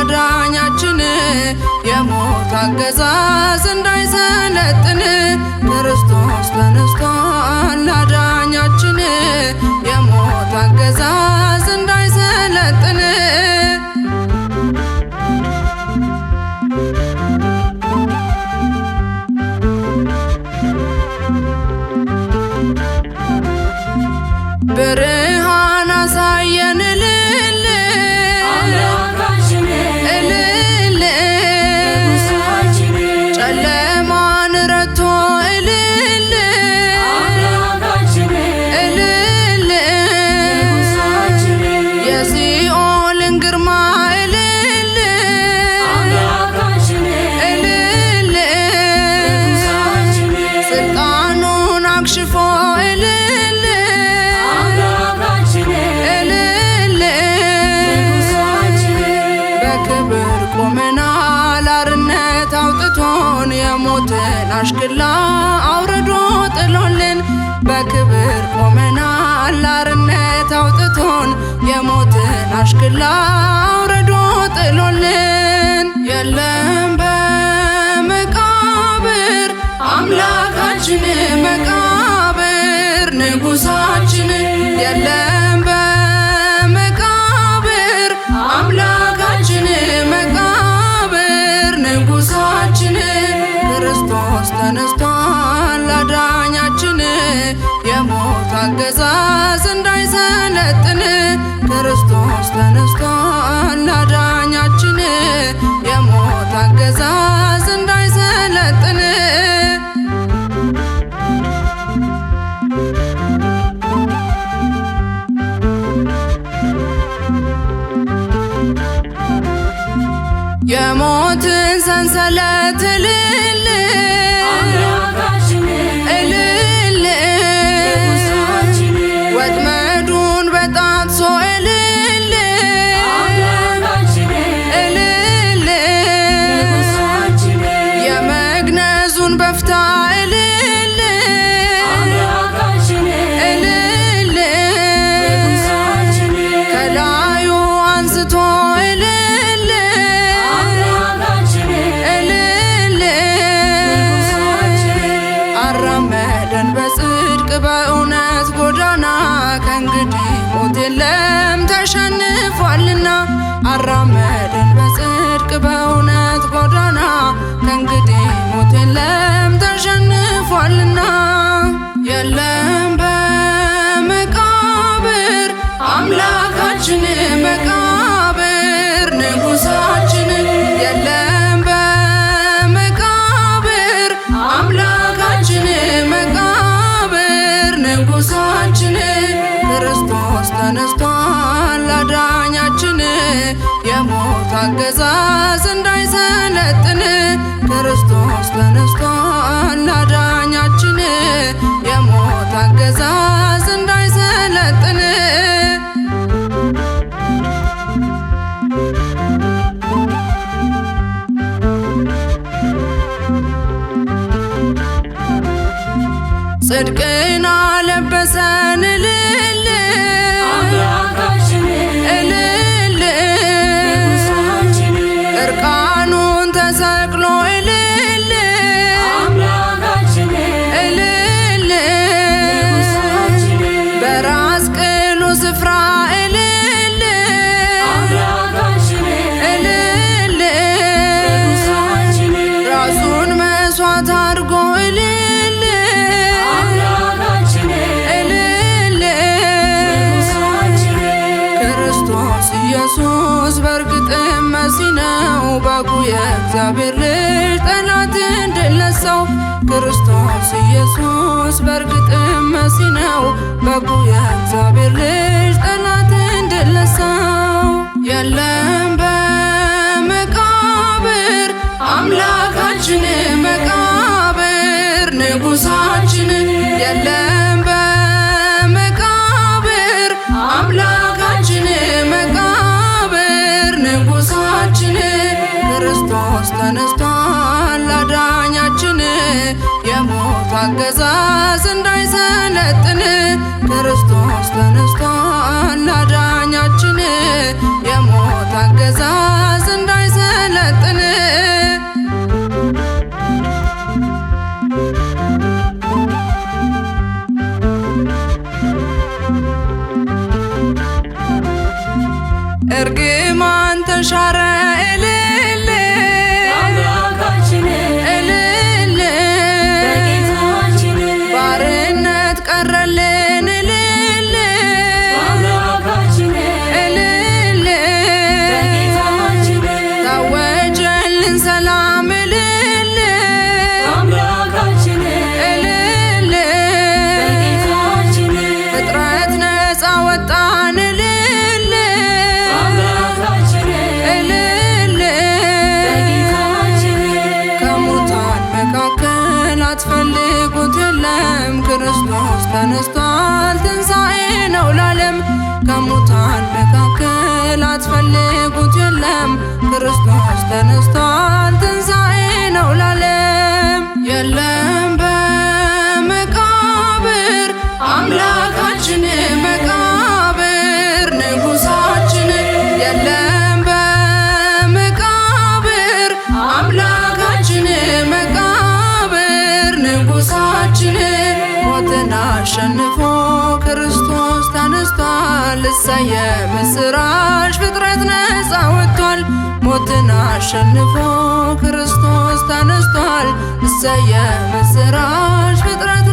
አዳኛችን የሞት አገዛዝ እንዳይሰለጥን ክርስቶስ ተነስቷል አዳኛችን የሞት አገዛዝ እንዳይሰለጥን የሲኦልን ግርማ እልል አክሽፎ እልል እልል አውጥቶን የሞትን አሽክላ አውርዶ ጥሎልን በክብር ቆመና መለኮቱን የሞትን አሽክላ አውርዶ ጥሎልን የለም በመቃብር አምላካችን መቃ አገዛዝ እንዳይሰለጥን ክርስቶስ ተነስቷል አዳኛችን። የሞት አገዛዝ እንዳይሰለጥን የሞትን ሰንሰለት ልል ምረን በጽድቅ በእውነት ጎዳና ከእንግዲህ ሞት የለም ተሸንፏልና አራመድን በጽድቅ በእውነት ጎዳና ከእንግዲህ ሞት የለም የሞት አገዛዝ እንዳይሰለጥን ክርስቶስ ተነስቷል አዳኛችን። የሞት አገዛዝ እንዳይሰለጥን ጽድቅን አለበሰን ለዚህ ነው በጉ የእግዚአብሔር ልጅ ጠላትን ድል ነሳው። ክርስቶስ ኢየሱስ በእርግጥም መሲህ ነው። በጉ የእግዚአብሔር ልጅ ጠላትን ድል ነሳው። የለም በመቃብር አምላካችን መቃብር ንጉሳችን የለ አገዛዝ እንዳይሰለጥን ክርስቶስ ተነስቷል አዳኛችን። የሞት አገዛዝ እንዳይሰለጥን እርግማን ተሻረ ከሙታን መካከል አትፈልጉት የለም ክርስቶስ ተነስቷል፣ ትንሣኤ ነው ላለም የለም በመቃብር አምላካችን መቃብር ንጉሳችን የለም በመቃብር አምላካችን መቃብር ንጉሳችን ሞትን አሸንፎ ክርስቶስ ተነስቷል። እሰየ ምስራች ፍጥረት ነፃ ወጥቷል። ሞትን አሸንፎ ክርስቶስ ተነስቷል። እሰየ ምስራች ፍጥረት